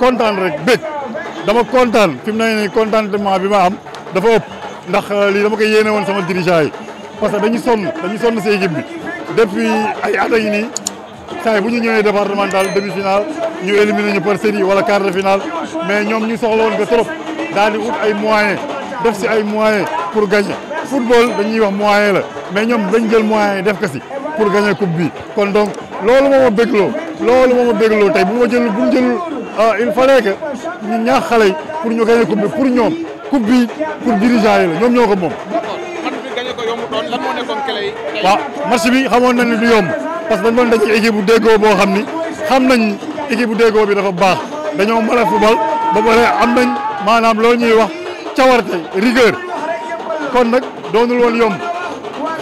kontaan rek bëgg dama kontaan fi mu ne nii contentement bi ma am dafa ëpp ndax euh, lii dama koy yéene woon sama dirigeant yi parce que dañu sonn dañu sonn si équipe bi depuis ay at yi nii bu ñu ñëwee départemental demi final ñu éliminé ñu par série wala quart de mais ñoom ñu soxla woon ko trop daal di ut ay moyens def si ay moyens pour gagner football dañuy wax moyen la mais ñoom dañ jël moyens yi def ko si pour gagner coupe bi kon donc loolu moo ma bëgg loo loolu moo ma bëgg loolu tey bu ma jël bu ah, ñu jël il ñaax xale pour ñu gagné coupe pour ñoom coupe bi pour dirigeant yi la ñoom ñoo ko moom. waaw match bi xamoon nañ ne du yomb parce que dañ doon daje équipe bu déggoo boo xam ni xam nañ équipe bu déggoo bi dafa baax dañoo mën a football ba pare am nañ maanaam loolu ñuy wax cawarte rigueur kon nag doonul woon yomb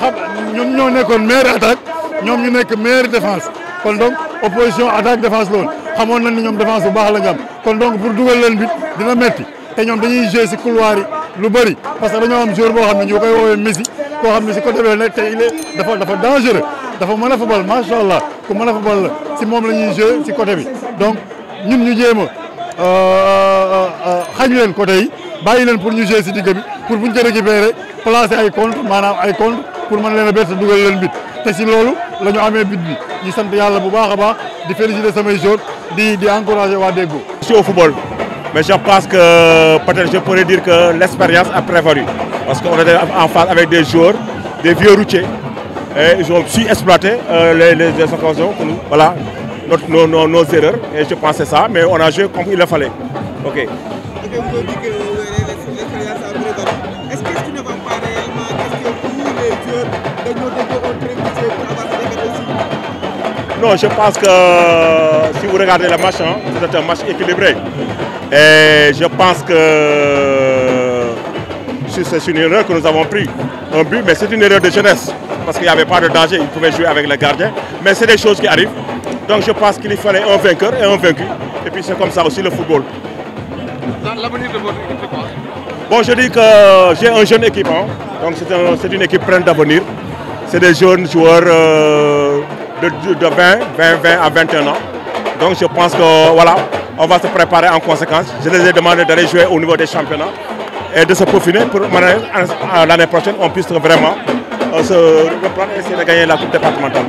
xam ñoom ñoo nekkoon meilleure attaque ñoom ñu nekk meilleure défense. kon donc opposition attaque défense loolu xamoon nañ ni ñoom défense bu baax la ñu am kon donc pour dugal leen bit dina metti te ñoom dañuy jouer ci couloir lu bëri parce que dañoo am joueur boo xam ne ñu koy woowee Messi koo xam ne ci côté boobu nag tey il est dafa dafa dangereux dafa mën a football macha allah ku mën a football la ci moom la ñuy jouer ci côté bi donc ñun ñu jéem a euh, euh, euh, xañ leen côté yi bàyyi leen pour ñu jouer ci digg bi pour buñ ko récupérer placer ay contre maanaam ay contre pour mën leen a bett dugal leen bit te si loolu. la ñu amee bit bi ñu sant yàlla bu baax a baax di féliciter samay joueurs di di encourager waa Deggo. je au football mais je pense que peut-être je pourrais dire que l'expérience a prévalu parce que qu'on était en face avec des joueurs des vieux routiers et su exploiter euh, les les les voilà notre nos nos je pensais ça mais on a joué comme il le fallait ok. Non, je pense que euh, si vous regardez le match, hein, c'est un match équilibré. Et je pense que euh, c'est une erreur que nous avons pris. Un but, mais c'est une erreur de jeunesse. Parce qu'il n'y avait pas de danger, ils pouvaient jouer avec le gardien. Mais c'est des choses qui arrivent. Donc je pense qu'il fallait un vainqueur et un vaincu. Et puis c'est comme ça aussi le football. L'avenir de votre équipe, c'est quoi Bon, je dis que euh, j'ai un jeune équipe. Hein. d'avenir. C'est des jeunes joueurs. de, de 20, 20, 20 à 21 ans. Donc je pense que voilà, on va se préparer en conséquence. Je les ai demandé d'aller jouer au niveau des championnats et de se peaufiner pour l'année prochaine on puisse vraiment euh, se reprendre et essayer de gagner la Coupe départementale.